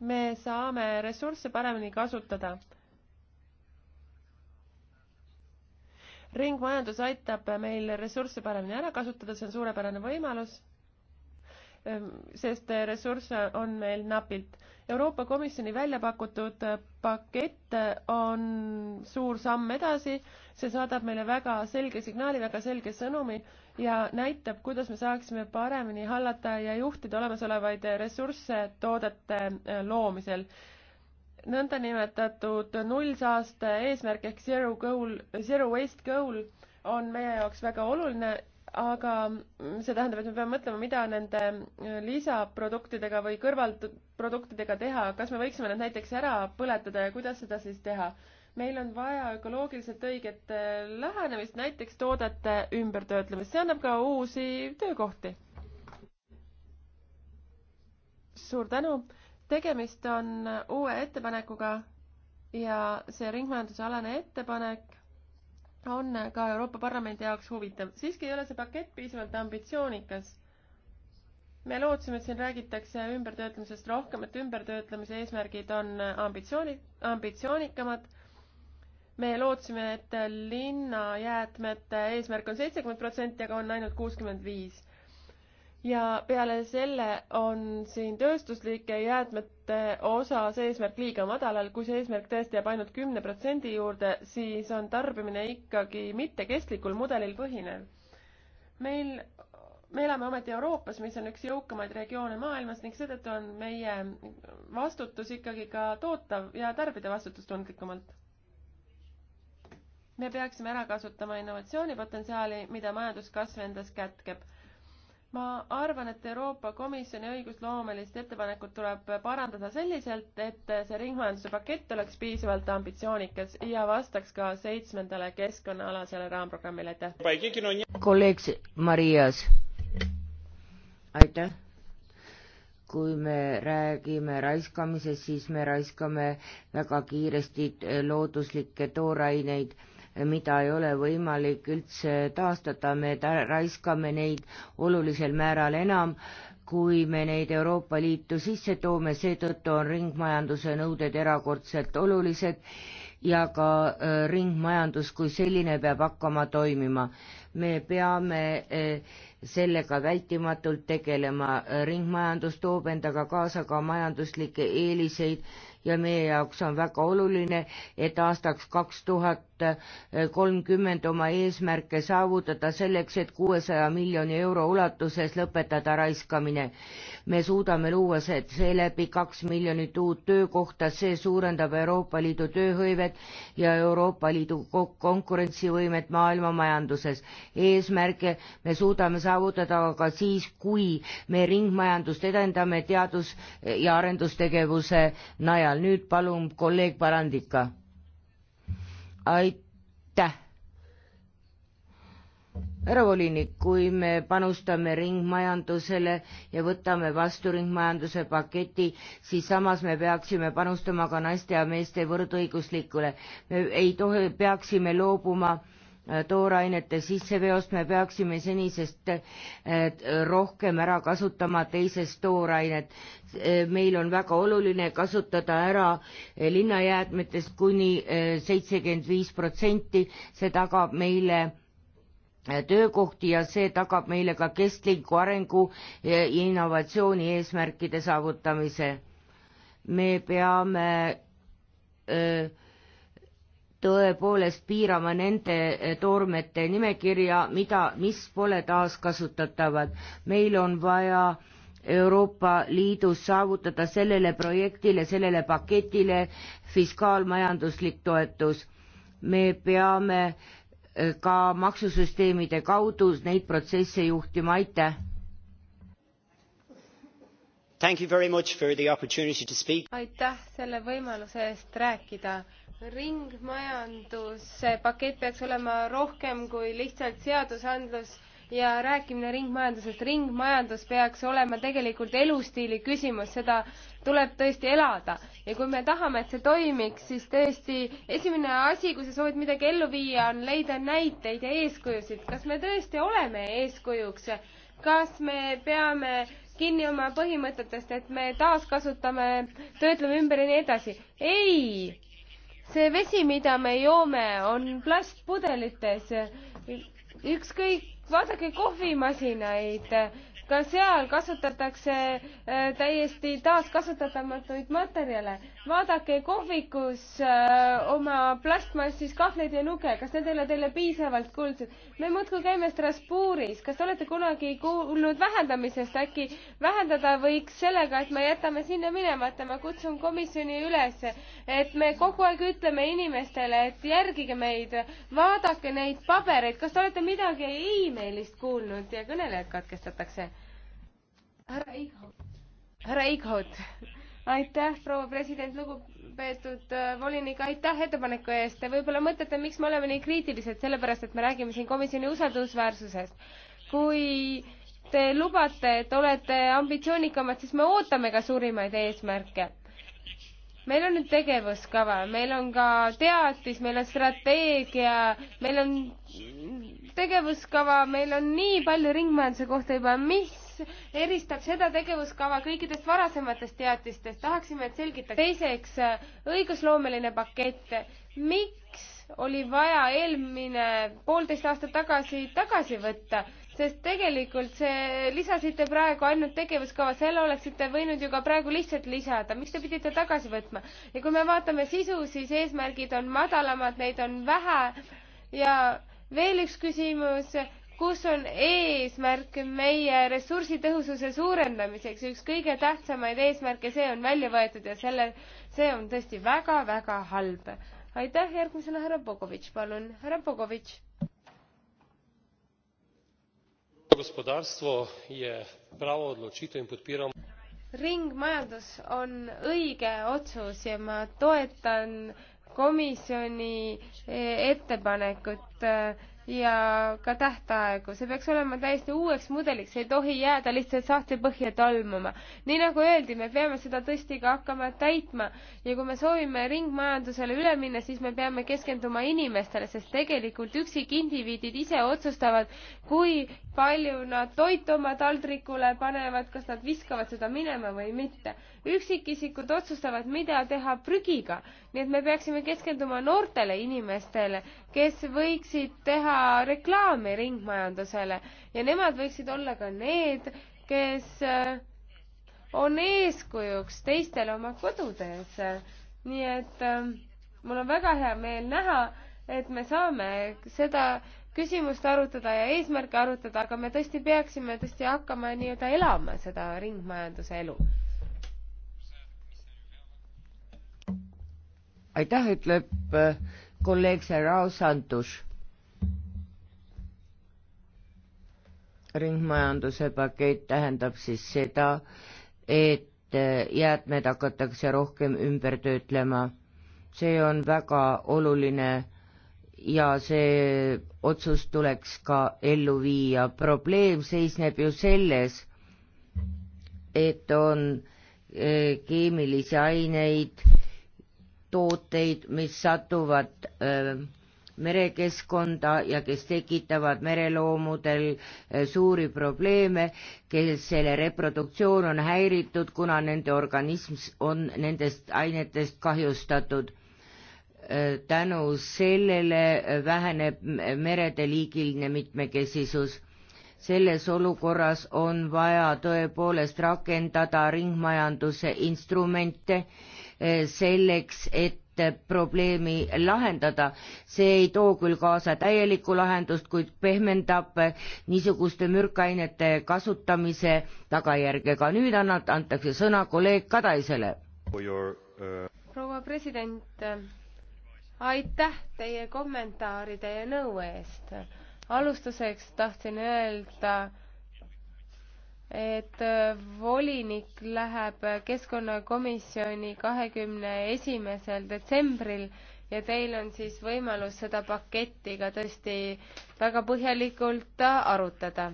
me saame ressursse paremini kasutada ringmajandus aitab meil ressursse paremini ära kasutada, see on suurepärane võimalus Ehm, sest äh, ressursse on meil napilt. Euroopa Komisjoni välja pakutud äh, pakett äh, on suur samm edasi, see saadab meile väga selge signaali, väga selge sõnumi ja näitab, kuidas me saaksime paremini hallata ja juhtida olemasolevaid ressursse toodete loomisel nõndanimetatud nullsaaste eesmärk ehk zero goal, zero waste goal on meie jaoks väga oluline aga see tähendab, et me peame mõtlema, mida nende lisaproduktidega või kõrvalproduktidega teha, kas me võiksime nad näiteks ära põletada ja kuidas seda siis teha? meil on vaja ökoloogiliselt õiget äh, lähenemist, näiteks toodete ümbertöötlemist, see annab ka uusi töökohti. suur tänu, tegemist on uue ettepanekuga ja see ringmajandusalane ettepanek on ka Euroopa Parlamendi jaoks huvitav. siiski ei ole see pakett piisavalt ambitsioonikas. me lootsime, et siin räägitakse ümbertöötlemisest rohkem, et ümbertöötlemise eesmärgid on ambitsiooni, ambitsioonikamad. me lootsime, et linnajäätmete eesmärk on seitsekümmend protsenti, aga on ainult kuuskümmend viis ja peale selle on siin tööstuslike jäätmete osas eesmärk liiga madalal, kui see eesmärk tõesti jääb ainult kümne protsendi juurde, siis on tarbimine ikkagi mittekestlikul mudelil põhinev. meil, me elame ometi Euroopas, mis on üks jõukamaid regioone maailmas ning seetõttu on meie vastutus ikkagi ka tootav ja tarbida vastutustundlikumalt. me peaksime ära kasutama innovatsioonipotentsiaali, mida majanduskasv endas kätkeb ma arvan, et Euroopa Komisjoni õigusloomelist ettepanekut tuleb parandada selliselt, et see ringmajanduse pakett oleks piisavalt ambitsioonikas ja vastaks ka seitsmendale keskkonnaalasele raamprogrammile, aitäh. kolleeg Marias, aitäh. kui me räägime raiskamisest, siis me raiskame väga kiiresti looduslikke tooraineid mida ei ole võimalik üldse taastada, me ta-, raiskame neid olulisel määral enam, kui me neid Euroopa Liitu sisse toome, seetõttu on ringmajanduse nõuded erakordselt olulised ja ka äh, ringmajandus kui selline peab hakkama toimima. me peame äh, sellega vältimatult tegelema, äh, ringmajandus toob endaga kaasa ka majanduslikke eeliseid ja meie jaoks on väga oluline, et aastaks kaks tuhat kolmkümmend oma eesmärke saavutada selleks, et kuuesaja miljoni euro ulatuses lõpetada raiskamine. me suudame luua seeläbi kaks miljonit uut töökohta, see suurendab Euroopa Liidu tööhõivet ja Euroopa Liidu konkurentsivõimet maailma majanduses. eesmärke me suudame saavutada aga siis, kui me ringmajandust edendame teadus- ja arendustegevuse najal ajal, nüüd palun kolleeg Parandika. aitäh. härra volinik, kui me panustame ringmajandusele ja võtame vastu ringmajanduse paketi, siis samas me peaksime panustama ka naiste ja meeste võrdõiguslikule. me ei tohi, peaksime loobuma äh, Äh, toorainete sisseveost me peaksime senisest äh, äh, rohkem ära kasutama teisest toorainet. meil on väga oluline kasutada ära linnajäätmetest kuni seitsekümmend viis protsenti, see tagab meile töökohti ja see tagab meile ka kestliku arengu ja innovatsiooni eesmärkide saavutamise. me peame öö, tõepoolest piirama nende eh, toormete nimekirja, mida, mis pole taaskasutatavad. meil on vaja Euroopa Liidus saavutada sellele projektile, sellele paketile fiskaalmajanduslik toetus. me peame eh, ka maksusüsteemide kaudu neid protsesse juhtima, aitäh! aitäh selle võimaluse eest rääkida ringmajanduse pakett peaks olema rohkem kui lihtsalt seadusandlus ja rääkimine ringmajandusest. ringmajandus peaks olema tegelikult elustiili küsimus, seda tuleb tõesti elada. ja kui me tahame, et see toimiks, siis tõesti esimene asi, kui sa soovid midagi ellu viia, on leida näiteid ja eeskujusid. kas me tõesti oleme eeskujuks? kas me peame kinni oma põhimõtetest, et me taaskasutame, töötleme ümber ja nii edasi? ei see vesi, mida me joome, on plastpudelites. ükskõik, vaadake kohvimasinaid ka seal kasutatakse äh, täiesti taaskasutatamatut materjale. vaadake kohvikus äh, oma plastmassis kahvleid ja nuge, kas need ei ole teile piisavalt kuldsed? me muudkui käime Strasbourgis, kas te olete kunagi kuulnud vähendamisest, äkki vähendada võiks sellega, et me jätame sinna minemata, ma kutsun komisjoni üles, et me kogu aeg ütleme inimestele, et järgige meid, vaadake neid pabereid, kas te olete midagi emailist kuulnud ja kõnelejad katkestatakse? härra Eichhout, härra Eichhout, aitäh, proua president, lugupeetud äh, volinik, aitäh ettepaneku eest. Te võib-olla mõtlete, miks me oleme nii kriitilised, sellepärast et me räägime siin komisjoni usaldusväärsusest. kui te lubate, et olete ambitsioonikamad, siis me ootame ka suurimaid eesmärke. meil on nüüd tegevuskava, meil on ka teatis, meil on strateegia, meil on tegevuskava, meil on nii palju ringmajanduse kohta juba, mis eristab seda tegevuskava kõikidest varasematest teatistest, tahaksime, et selgitage. teiseks, äh, õigusloomeline pakett. miks oli vaja eelmine poolteist aastat tagasi tagasi võtta, sest tegelikult see lisasite praegu ainult tegevuskava, selle oleksite võinud ju ka praegu lihtsalt lisada, miks te pidite tagasi võtma? ja kui me vaatame sisu, siis eesmärgid on madalamad, neid on vähe ja veel üks küsimus kus on eesmärk meie ressursitõhususe suurendamiseks, üks kõige tähtsamaid eesmärke, see on välja võetud ja selle, see on tõesti väga-väga halb. aitäh, järgmisena härra Bogovitš, palun, härra Bogovitš. gospodarstvo je prava odločitev in podpiram ringmajandus on õige otsus ja ma toetan komisjoni eh, ettepanekut äh, ja ka tähtaegu, see peaks olema täiesti uueks mudeliks, ei tohi jääda lihtsalt sahtlipõhja tolmuma. nii nagu öeldi, me peame seda tõesti ka hakkama täitma ja kui me soovime ringmajandusele üle minna, siis me peame keskenduma inimestele, sest tegelikult üksikindiviidid ise otsustavad, kui palju nad toitu oma taldrikule panevad, kas nad viskavad seda minema või mitte. üksikisikud otsustavad, mida teha prügiga, nii et me peaksime keskenduma noortele inimestele kes võiksid teha reklaami ringmajandusele ja nemad võiksid olla ka need, kes äh, on eeskujuks teistele oma kodudes. nii et äh, mul on väga hea meel näha, et me saame seda küsimust arutada ja eesmärke arutada, aga me tõesti peaksime tõesti hakkama nii-öelda elama seda ringmajanduse elu. aitäh, ütleb äh, kolleeg Serao Santus. ringmajanduse pakett tähendab siis seda, et äh, jäätmed hakatakse rohkem ümber töötlema. see on väga oluline ja see otsus tuleks ka ellu viia. probleem seisneb ju selles, et on äh, keemilisi aineid tooteid, mis satuvad öö, merekeskkonda ja kes tekitavad mereloomudel suuri probleeme, kes selle reproduktsioon on häiritud, kuna nende organism on nendest ainetest kahjustatud. tänu sellele väheneb merede liigiline mitmekesisus. selles olukorras on vaja tõepoolest rakendada ringmajanduse instrumente Eh, selleks, et probleemi lahendada. see ei too küll kaasa täielikku lahendust, kuid pehmendab eh, niisuguste mürkainete kasutamise tagajärge. ka nüüd annab, antakse sõna kolleeg Kadaisele. Eh, proua president, aitäh teie kommentaaride ja nõu eest. alustuseks tahtsin öelda, et äh, volinik läheb keskkonnakomisjoni kahekümne esimesel detsembril ja teil on siis võimalus seda paketti ka tõesti väga põhjalikult äh, arutada.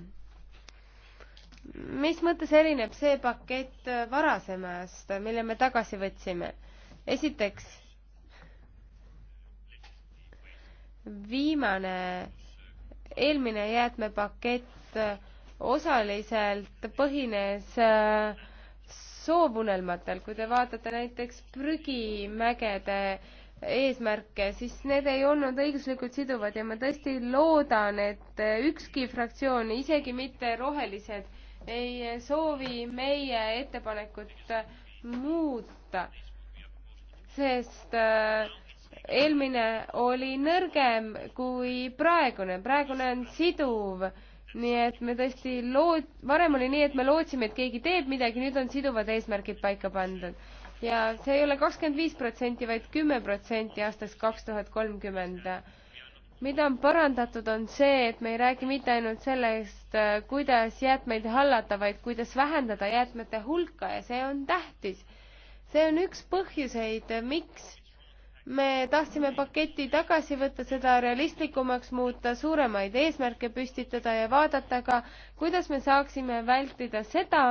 mis mõttes erineb see pakett äh, varasemast, mille me tagasi võtsime? esiteks, viimane, eelmine jäätmepakett osaliselt põhines äh, soovunelmatel, kui te vaatate näiteks prügimägede eesmärke, siis need ei olnud õiguslikult siduvad ja ma tõesti loodan, et äh, ükski fraktsioon, isegi mitte rohelised, ei äh, soovi meie ettepanekut muuta, sest eelmine oli nõrgem kui praegune, praegune on siduv nii et me tõesti lood-, varem oli nii, et me lootsime, et keegi teeb midagi, nüüd on siduvad eesmärgid paika pandud. ja see ei ole kakskümmend viis protsenti, vaid kümme protsenti aastaks kaks tuhat kolmkümmend. mida on parandatud, on see, et me ei räägi mitte ainult sellest, äh, kuidas jäätmeid hallata, vaid kuidas vähendada jäätmete hulka ja see on tähtis. see on üks põhjuseid, miks me tahtsime paketi tagasi võtta, seda realistlikumaks muuta, suuremaid eesmärke püstitada ja vaadata ka, kuidas me saaksime vältida seda,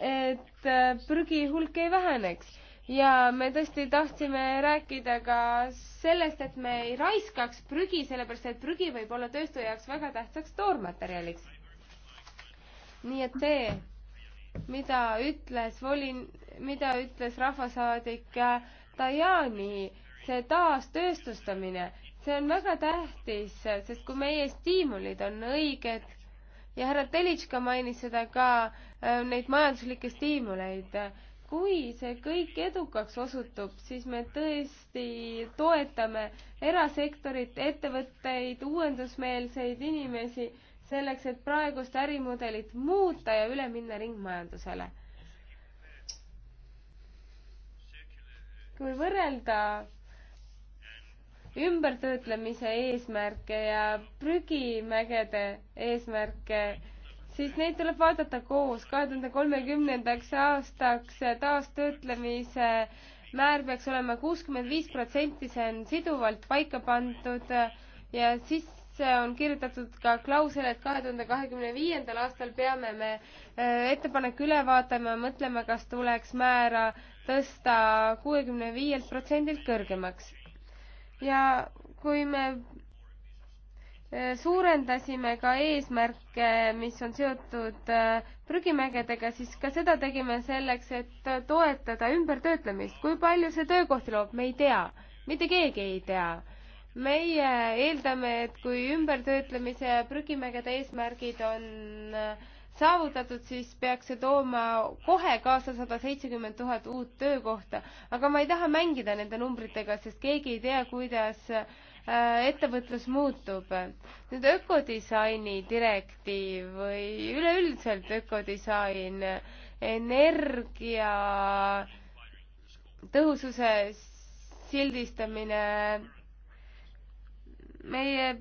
et äh, prügi hulk ei väheneks ja me tõesti tahtsime rääkida ka sellest, et me ei raiskaks prügi, sellepärast et prügi võib olla tööstu jaoks väga tähtsaks toormaterjaliks. nii et see mida ütles volin-, mida ütles rahvasaadik äh, Tajani, see taastööstustamine, see on väga tähtis, sest kui meie stiimulid on õiged ja härra Telitška mainis seda ka, äh, neid majanduslikke stiimuleid, kui see kõik edukaks osutub, siis me tõesti toetame erasektorit, ettevõtteid, uuendusmeelseid inimesi selleks, et praegust ärimudelit muuta ja üle minna ringmajandusele. kui võrrelda ümbertöötlemise eesmärke ja prügimägede eesmärke, siis neid tuleb vaadata koos. kahe tuhande kolmekümnendaks aastaks taastöötlemise määr peaks olema kuuskümmend viis protsenti, see on siduvalt paika pandud ja siis sisse on kirjutatud ka klausel, et kahe tuhande kahekümne viiendal aastal peame me äh, ettepaneku üle vaatama ja mõtlema, kas tuleks määra tõsta kuuekümne viielt protsendilt kõrgemaks. ja kui me äh, suurendasime ka eesmärke, mis on seotud äh, prügimägedega, siis ka seda tegime selleks, et toetada ümbertöötlemist. kui palju see töökohti loob, me ei tea, mitte keegi ei tea meie eeldame, et kui ümbertöötlemise ja prügimägede eesmärgid on äh, saavutatud, siis peaks see tooma kohe kaasa sada seitsekümmend tuhat uut töökohta. aga ma ei taha mängida nende numbritega, sest keegi ei tea, kuidas äh, ettevõtlus muutub. nüüd ökodisaini direktiiv või üleüldiselt ökodisain, energia tõhususe sildistamine meie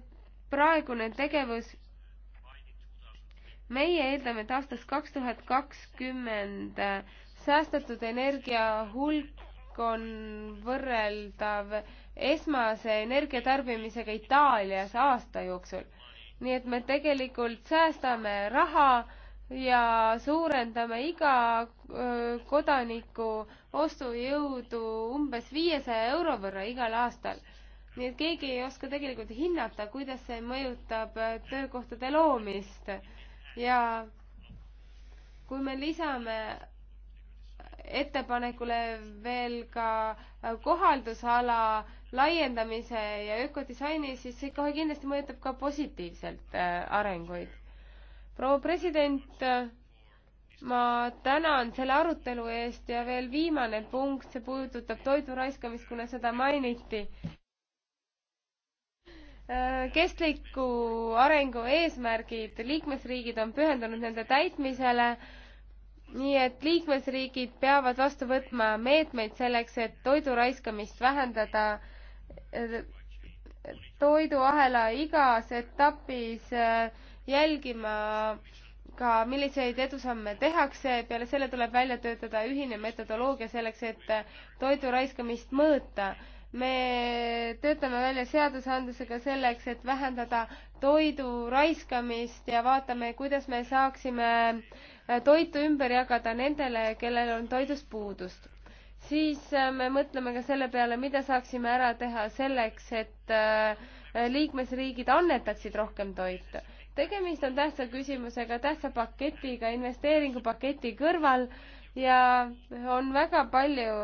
praegune tegevus meie eeldame, et aastaks kaks tuhat kakskümmend äh, säästetud energia hulk on võrreldav esmase energiatarbimisega Itaalias aasta jooksul. nii et me tegelikult säästame raha ja suurendame iga äh, kodaniku ostujõudu umbes viiesaja euro võrra igal aastal nii et keegi ei oska tegelikult hinnata, kuidas see mõjutab äh, töökohtade loomist ja kui me lisame ettepanekule veel ka äh, kohaldusala laiendamise ja ökodisaini, siis see kohe kindlasti mõjutab ka positiivselt äh, arenguid. proua president, ma tänan selle arutelu eest ja veel viimane punkt, see puudutab toidu raiskamist, kuna seda mainiti Äh, kestliku arengu eesmärgid, liikmesriigid on pühendunud nende täitmisele, nii et liikmesriigid peavad vastu võtma meetmeid selleks, et toidu raiskamist vähendada. Äh, toiduahela igas etapis äh, jälgima ka, milliseid edusamme tehakse, peale selle tuleb välja töötada ühine metodoloogia selleks, et toidu raiskamist mõõta me töötame välja seadusandlusega selleks, et vähendada toidu raiskamist ja vaatame, kuidas me saaksime äh, toitu ümber jagada nendele, kellel on toidust puudust. siis äh, me mõtleme ka selle peale, mida saaksime ära teha selleks, et äh, liikmesriigid annetaksid rohkem toitu. tegemist on tähtsa küsimusega, tähtsa paketiga, investeeringupaketi kõrval ja on väga palju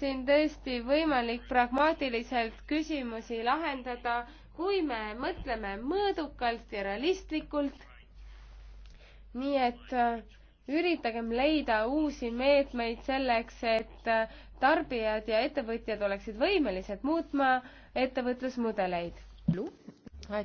siin tõesti võimalik pragmaatiliselt küsimusi lahendada, kui me mõtleme mõõdukalt ja realistlikult. nii et äh, üritagem leida uusi meetmeid selleks, et äh, tarbijad ja ettevõtjad oleksid võimelised muutma ettevõtlusmudeleid. aitäh!